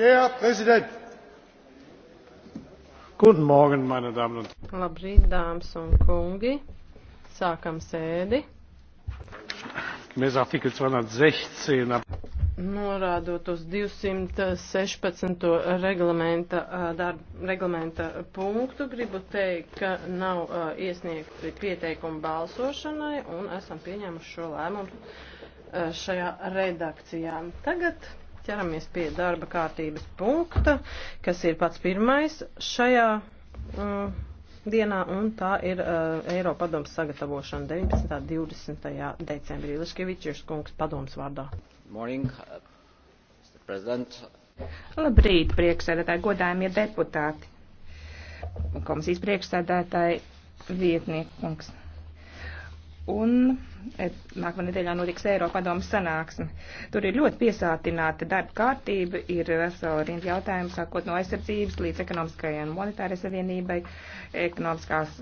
Der Präsident. Guten Morgen, meine Damen und Herren. Labrīt, dāmas un kungi. Sākam sēdi. Gemäß Artikel 216. Norādot uz 216. reglamenta, darba reglamenta punktu, gribu teikt, ka nav uh, iesniegti pieteikumi balsošanai un esam pieņēmuši šo lēmumu uh, šajā redakcijā. Tagad ķeramies pie darba kārtības punkta, kas ir pats pirmais šajā um, dienā, un tā ir uh, Eiropadoms sagatavošana 19. 20. decembrī. Liškevičs kungs padoms vārdā. Morning, uh, Labrīt, priekšsēdētāji, godājumie deputāti, komisijas priekšsēdētāji, vietnieku kungs un nākamā nedēļā notiks Eiropadomas sanāksme. Tur ir ļoti piesātināta darba kārtība, ir vesela rinda jautājumu, sākot no aizsardzības līdz ekonomiskajai un monetārai savienībai, ekonomiskās